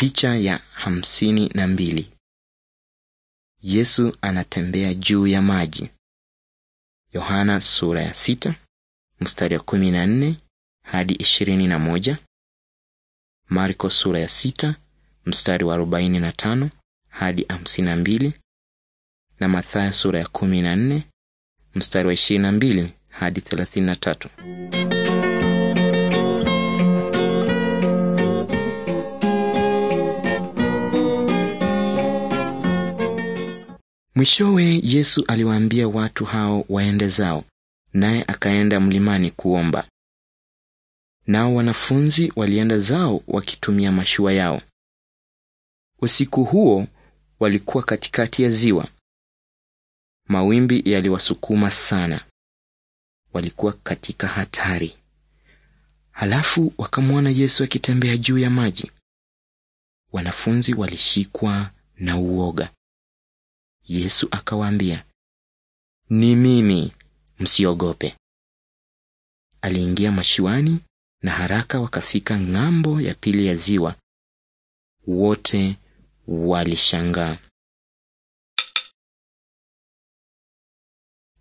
Picha ya hamsini na mbili. Yesu anatembea juu ya maji. Yohana sura ya sita mstari wa kumi na nne hadi ishirini na moja. Marko sura ya sita mstari wa arobaini na tano hadi hamsini na mbili na Mathayo sura ya kumi na nne mstari wa ishirini na mbili hadi thelathini na tatu. Mwishowe Yesu aliwaambia watu hao waende zao, naye akaenda mlimani kuomba. Nao wanafunzi walienda zao wakitumia mashua yao. Usiku huo walikuwa katikati ya ziwa. Mawimbi yaliwasukuma sana, walikuwa katika hatari. Halafu wakamwona Yesu akitembea juu ya maji. Wanafunzi walishikwa na uoga. Yesu akawaambia, ni mimi, msiogope. Aliingia mashiwani na haraka wakafika ng'ambo ya pili ya ziwa. Wote walishangaa.